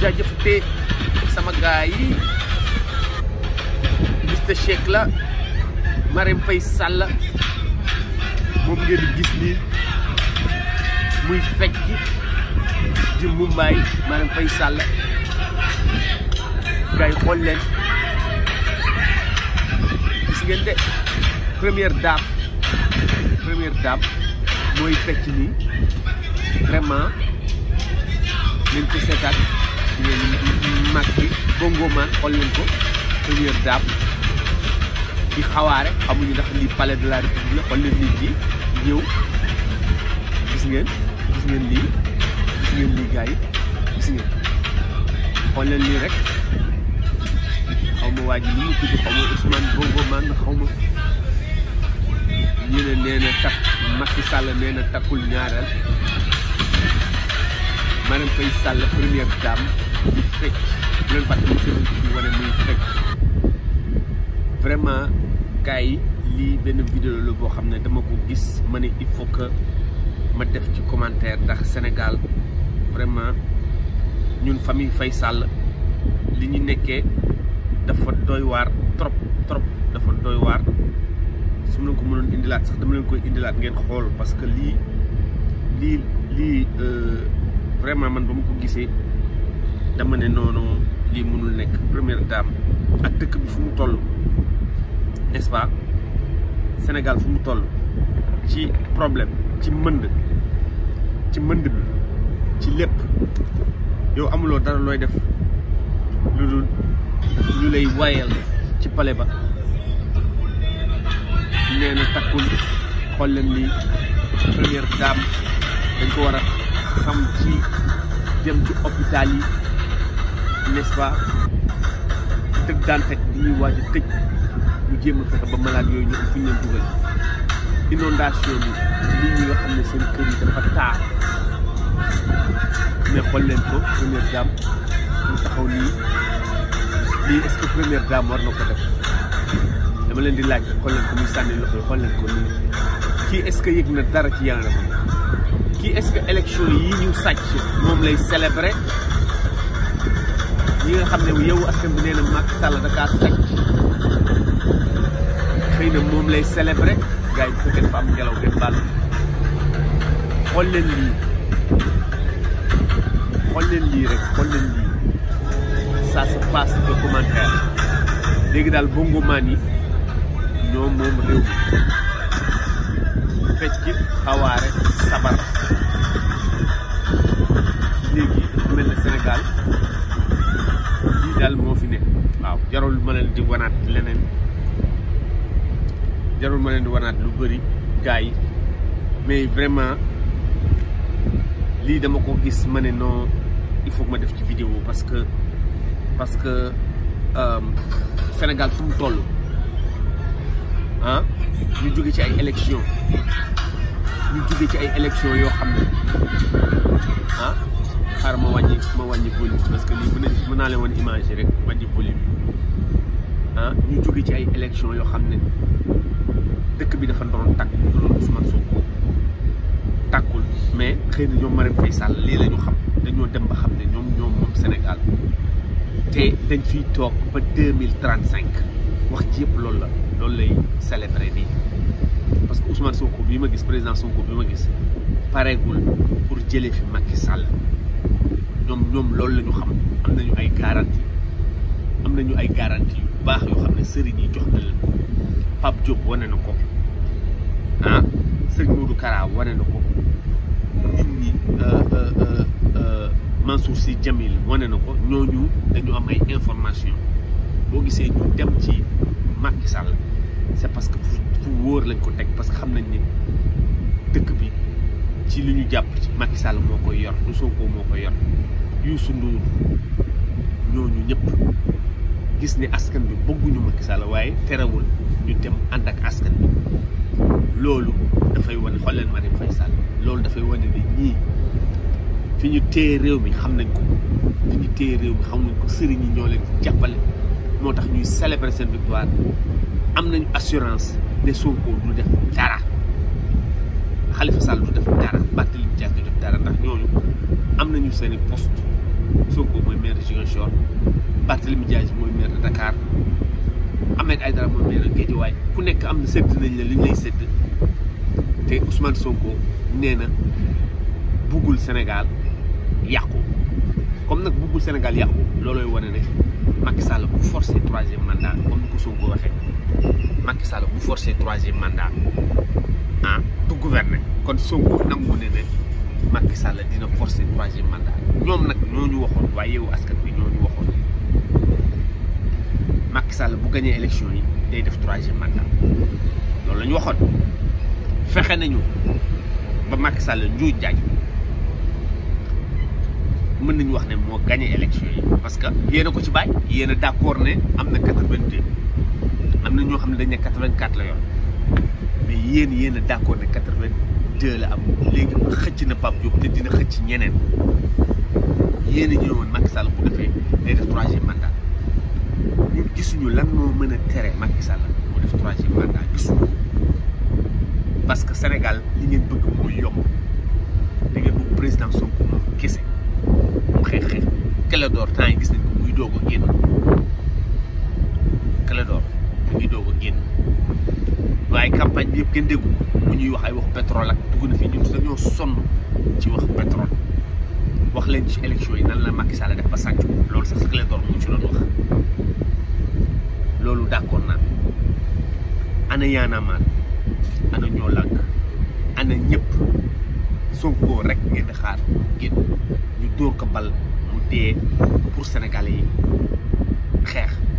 jaajëfate sama gars yi Mister Shake la Marème Faye Sall moom ngeen di gis nii muy fecc di Mumbai Marème Faye Sall gars yi xool leen gis ngeen de première dame première dame mooy fecc nii vraiment nañ ko seetaat mag bi bongo xool leen ko première dame di xawaare xamuñu ndax lii palais de la république la xool leen nit ñi ñëw gis ngeen gis ngeen lii gis ngeen lii gars yi gis ngeen xool leen lii rek xaw ma waa ji li mu tudd xaw ma Ousmane takk Macky Sall nee na takkul ñaareel Marème Faye Sall première dame di fecc bu leen fàttali sëriñ bi fi wane muy fecc vraiment kaay lii benn vidéo la boo xam ne dama ko gis ma ne il faut que ma def ci commentaire ndax Sénégal vraiment ñun famille fay sàll li ñu nekkee dafa doy waar trop trop dafa doy waar su ma leen ko mënoon indilaat sax dama leen koy indilaat ngeen xool parce que lii lii lii euh, vraiment man ba ma ko gisee dama ne noonu lii mënul nekk première dame ak dëkk bi fu mu toll nest Sénégal fu mu toll ci problème ci mënd ci mbënd bi ci lépp yow amuloo dara looy def lu dul ñu lay wayal ci pale ba nee takkul xool leen lii première dame dañ ko war xam ci dem ci hôpital yi n'est-ce pas dëgg daan teg di ñuy waaj tëj mu jéem a fexe ba malade yooyu ñoom fu ñu leen dugal inondation bi nit ñi nga xam ne seen kër yi dafa taar mais xool leen ko première dame mu taxaw nii lii est-ce que war na ko def dama leen di laaj xool leen ko muy sànni loxo yi xool leen ko nii kii est-ce que yëg na dara ci yaram kii est-ce que élection yi ñu sàcc moom lay célébrer. li nga xam ne yow askan bi nee na Macky Sall da kaa teg xëy na moom lay célébrer gars yi bu am ngelaw ngeen baal xool leen lii xool leen lii rek xool leen lii léegi daal bongo yi ñoo moom réew fecc xawaare sabar léegi mel na Sénégal lii daal moo fi nekk waaw jarul ma leen di wanaat leneen jarul ma leen di wanaat lu bëri gars yi mais vraiment lii dama ko gis ma ne non il faut ma def ci vidéo parce que parce que euh, Sénégal fu mu toll ah ñu jóge ci ay élection ñu jóge ci ay élection yoo xam ne ah, xaar ma wàññi ma wàññi volume parce que lii mën nañ mën naa leen woon image rek wàññi volume ah ñu jóge ci ay élection yoo xam ne dëkk bi dafa ndoroon tàkk loolu Ousmane Sonko tàkkul mais xëy na ñoom Marème Faye Sall lii la ñu xam dañoo dem ba xam ne ñoom ñoom moom Sénégal te dañ fiy toog ba deux mille trente cinq wax ci yëpp loolu la loolu lay célébrer nii parce que Ousmane Sonko bi ma gis président Sonko bi ma gis pareegul pour jëlee fi Macky Sall. ñoom ñoom loolu la ñu xam am nañu ay garantie am nañu ay garantie yu baax yoo xam ne sëriñ yi jox na leen ko wane na ko ah sëriñ Modou Kara wane na ko ñun ñi euh, euh, euh, Mansour Sy wane na ko ñooñu dañu am ay information boo gisee ñu dem ci Macky Sall c'est parce que fu wóor lañ ko teg parce que xam nañ ni dëkk bi ci li ñu jàpp ci Macky Sall moo koy yor du Sonko moo koy yor Youssou Ndour ñooñu ñëpp gis ne askan bi bëgguñu Macky Sall waaye terewul ñu dem ànd ak askan bi loolu dafay wane xool leen Marième Faye Sall loolu dafay wane ne ñii fi ñu téye réew mi xam nañ ko fi ñu téye réew mi xam nañ ko sëriñ yi ñoo leen jàppale moo tax ñuy célébrer seen victoire am nañu assurance ne Sonko du def dara. Khalifa Sall du def dara Barthélémy Dias du def dara ndax ñooñu am na ñu i poste Sonko mooy maire de Ziguinchor Barthélémy Dias mooy maire de Dakar Ahmed Aïdara mooy maire de Guédiawaye ku nekk am na sédd nañ la li ñu lay sédd te Ousmane Sonko nee buggul Sénégal yàqu comme nag buggul Sénégal yàqu loolooy wane ne Macky Sall bu forcé troisième mandat comme ni ko Sonko waxee Macky Sall bu forcé troisième mandat ah du gouverner kon soo ko nangu ne ne Macky Sall dina forcer troisième mandat ñoom nag ñoo ñu waxoon waaye yow askan bi ñoo ñu waxoon Macky Sall bu gañee élection yi day def troisième mandat loolu la ñu waxoon fexe nañu ba Macky Sall njuuj jàj mën nañu wax ne moo gañee élection yi parce que yéen ko ci bàyyi yéen a d'accord ne am na quatre-vingt-deux am na ñoo xam ne dañ ne quatre-vingt-quatre la yoon mais yéen yéen a d'accord ne quatre-vingt deux la am xëcc na Pape Diop te dina xëcc ñeneen yéen a ñu bu defee def troisième mandat ñun gisuñu lan moo mën a tere Macky Sall mu def troisième mandat gisuñu parce que Sénégal li ngeen bëgg mooy yomb da ngeen président Sonko moom kese mu xeex xeex Clédor temps yi gis nañ muy doog a génn Clédor bi ñu doog génn waaye campagne bi yëpp kenn déggu mu ñuy wax ay wax pétrole ak dugg na fi dañoo sonn ci wax pétrole wax leen ci élection yi nan la Macky Sall def ba sàcc loolu sax sax leen mu ci doon wax loolu d'accord naa ana yaanaamaan ana ñoo lànk ana ñëpp Sonko rek ngeen xaar génn ñu dóor ko bal mu dee pour sénégalais yi xeex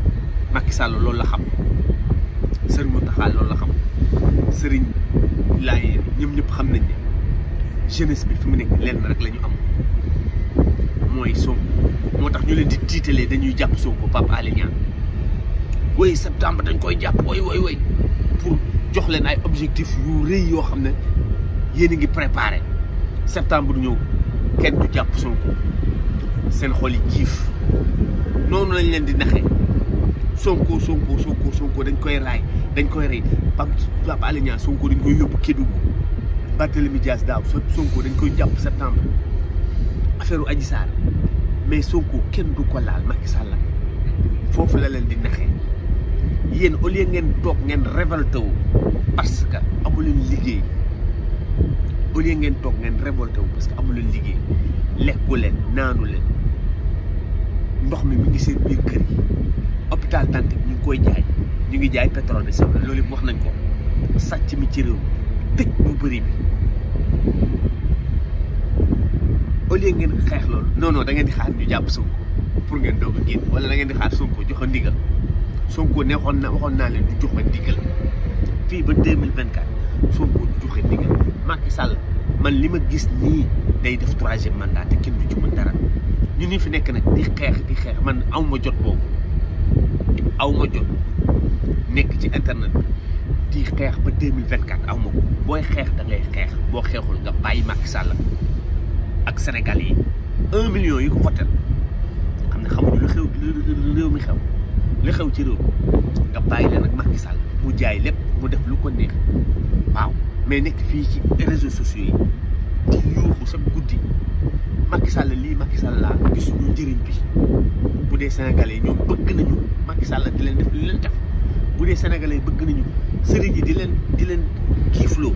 Macky Sall loolu la xam Serigne Mountakha loolu la xam sëriñ Laye ñoom ñëpp xam nañ ne jeunesse bi fi mu nekk lenn rek la am mooy Sonko moo tax ñu leen di tiitalee dañuy jàpp Sonko Pape Alé Niang woy septembre dañ koy jàpp woy woy pour jox leen ay objectif yu rëy yoo xam ne yéen a ngi préparé septembre ñëw kenn du jàpp Sonko seen xol yi jiif noonu lañ leen di naxee Sonko Sonko Sonko Sonko dañ koy raay dañ koy rey Pape Pape Alé Niang Sonko dañ koy yóbbu Kédougou Barthélémy Dias daaw Sonko dañ koy jàpp septembre affaire Adji Sarr mais Sonko kenn du ko laal Macky Sall foofu la leen di naxee yéen au lieu ngeen toog ngeen révolté wu parce que amu liggéey ngeen toog ngeen révolté wu parce que amu leen lekku leen naanu leen ndox mi mu ngi seen kër yi. hôpital tante ñu koy jaay ñu ngi jaay pétrole bi sawla loolu wax nañ ko sacc mi ci réew tecc bu bari bi au lieu ngeen xex lool non non da ngeen di xaar ñu japp Sonko pour ngeen doog a wala da ngeen di xaar Sonko joxe ndigal Sonko neexon na waxon na leen du joxe ndigal fi ba 2024 Sonko du joxe ndigal Macky Sall man lima gis ni day def 3e mandat te kenn du ci mën dara ñu ni fi nek nak di xex di xex man awma jot bobu aw ma jot nekk ci internet bi di xeex ba deux mille vingt quatre aw ma ko booy xeex da xeex boo xeexul nga bàyyi Macky Sall ak Sénégal yi un million yi ko voté xam ne xamuñu lu xew réew mi xew li xew ci réew mi nga bàyyi leen ak Macky Sall mu jaay lépp mu def lu ko neex waaw mais nekk fii ci réseaux sociaux yi di yuuxu sa guddi Macky Sall lii Macky Sall laa gisuñu njëriñ bi bu dee Sénégalais yi ñoom bëgg na Macky Sall di leen def lu leen def bu dee sénégalais bëgg nañu sëriñ yi di leen di leen kiifloo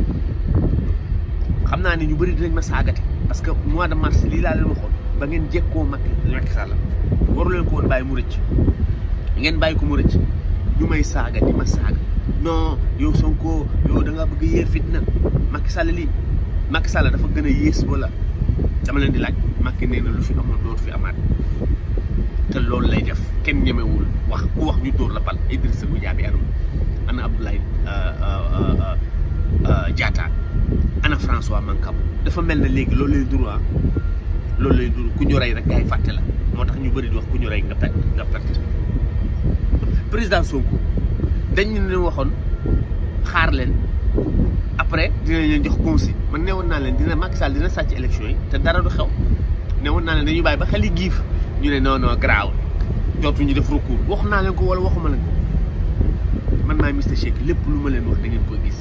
xam naa ni ñu bëri dinañ ma saagate parce que mois de mars lii laa leen waxoon ba ngeen jekkoo Macky Macky Sall waru leen ko woon bàyyi mu rëcc ngeen bàyyi ko mu rëcc ñu may saaga di ma saaga non yow Sonko yow da bëgg yee fitna Macky Sall lii Macky Sall dafa gën a yées wala dama leen di laaj Macky nee na lu fi amoon dootu fi amaat te loolu lay def kenn ñemewul wax ku wax ñu dóor la bal Idrissa bu jaabi anam ana Abdoulaye euh, euh, euh, Diatta ana François Mancabou dafa mel ne léegi loolu lay dur ah. loolu lay dur ku ñu rey rek ngay fàtte la moo tax ñu bëri di wax ku ñu rey nga perte nga perte président Sonko dañ ñu leen waxoon xaar leen après dinañ leen jox conseil man newoon naa leen dina Macky Sall dina sàcc élection yi te dara du xew newoon naa leen dañuy bàyyi ba xel yi giif ñu ne non non garaaw ñu def recours wax naa leen ko wala waxuma leen ko man maay Mister Shake lépp lu ma leen wax da ngeen koy gis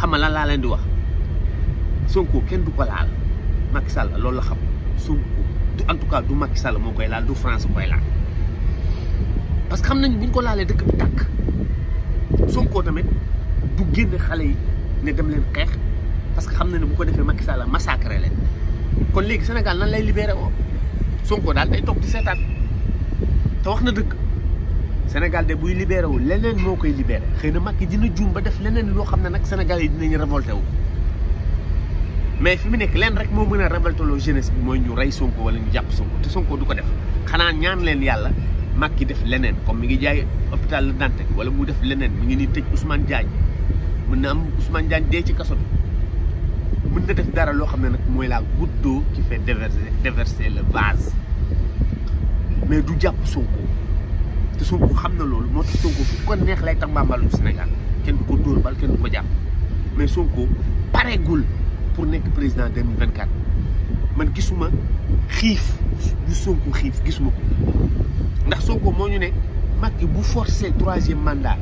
xam lan laa leen di wax Sonko kenn du ko laal Macky Sall loolu la xam Sonko du en tout cas du Macky la moo koy laal du France koy laal parce que xam nañu bu ñu ko laalee dëkk bi tàkk Sonko tamit du génn xale yi ne dem leen xeex parce que xam na ne bu ko defee Macky Sall massacré leen kon léegi Sénégal nan lay libéré woo. Sonko daal day toog ci seetaan te wax na dëkk Sénégal de buy libéré wu leneen moo koy libéré xëy na Macky dina juum ba def leneen loo xam ne nag Sénégal yi dinañ révolté wu. mais fi mu nekk leen rek moo mën a loo jeunesse bi mooy ñu rey Sonko wala ñu jàpp Sonko te Sonko du ko def xanaa ñaan leen yàlla Macky def leneen comme mi ngi jaay hôpital Dantec wala mu def leneen mu ngi ni tëj Ousmane jaañ mën na am Ousmane Diagne dee ci kaso bi. mën nga def dara loo xam ne nag mooy la goutte qui fait déverser déverser le vase mais du jàpp Sonko te Sonko xam na loolu moo tax Sonko fu ko neex lay tax mbàmbalu Sénégal kenn du ko dóor bal kenn du ko jàpp mais Sonko pareegul pour nekk président 2024 man gisuma xiif du Sonko xiif gisuma ko ndax Sonko moo ñu ne Macky bu forcé troisième mandat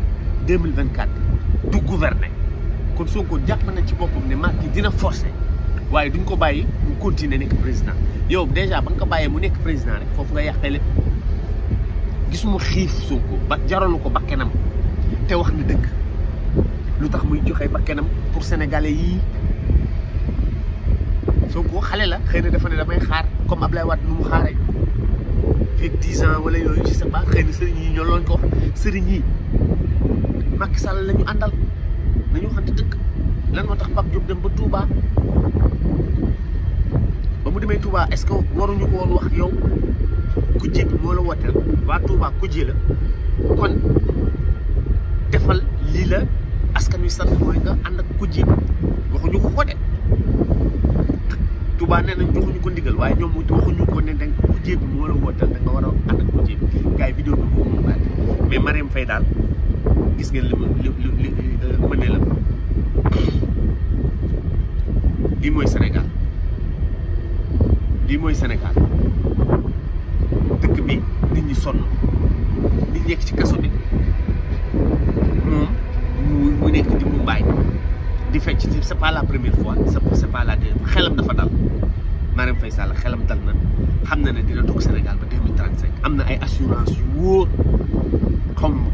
2024 du gouverner. kon sonko jak na ci bopum ne Macky dina forcer waye duñ ko bayyi mu continuer nek président yow déjà ba nga ko bàyyee mu nek président rek fofu nga yàqee lépp gisuma xif sonko ba jaralu ko bakkenam té wax na dëgg lutax muy joxe bakkenam pour sénégalais yi sonko xalé la xeyna dafa ne damay xaar comme ablay wat numu xaaré fek 10 ans wala yooyu ci sa ba xeyna sëriñ yi ko wax yi Macky Sall lañu andal nañu waxante dëkk lan moo tax Pape Diop dem ba Touba ba mu demee Touba est waruñu ko woon wax yow kujje bi moo la wooteel waa Touba kujje la kon defal lii la askan wi sant mooy nga ànd ak kujje waxuñu ko de Touba nee nañ joxuñu ko ndigal waaye ñoom waxuñu ko ne danga ku jéeg moo la wootal da war a ànd ak ku jéeg gars yi vidéo bi boobu moom laaj mais Marième daal gis ngeen li ma li li euh, ma ne mooy Sénégal dëkk bi nit ñi sonn nit ñi ci kaso bi moom mu nekk di mu mbaay di ci c'est pas la première fois c'est pas la deuxième xelam dafa dal Marème Faye xelam dal na xamna ne dina tok senegal ba 2035 amna ay assurance yu wóor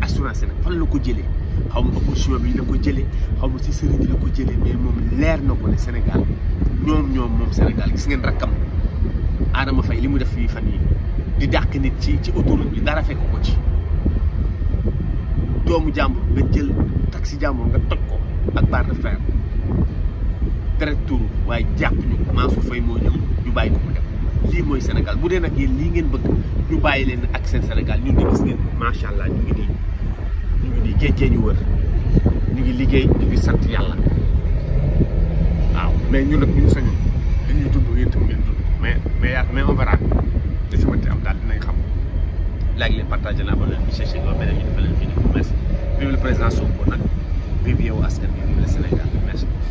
assurance nag fan la ko jëlee xaw ma opposition bi la ko jëlee xaw ma si bi la ko jëlee mais mom leer na ko ne senegal ñom ñom mom senegal gis ngeen rakam Adama fay limu def fi fan yi di dàq nit ci ci autoroute bi dara fekk ko ci doomu jambour nga jël taxi jambour nga tok ak barre de fer direct waaye jàpp ñu Mansour fay moo ñëw ñu bàyyi ko mu lii mooy Sénégal bu dee nag yi lii ngeen bëgg ñu bàyyi leen ak seen Sénégal ñu di gis ngeen macha allah ñu ngi nii ñu ngi nii géej ñu wër ñu ngi liggéey ñu ngi sant yàlla waaw mais ñu nag ñu sañoon li ñuy dund yéen tam ngeen dund mais mais yaa mais on verra te si mënti am daal dinañ xam léegi leen partagé naa ba leen bi cherché ba beneen ñu defal leen vidéo nag review us and leave us to that message.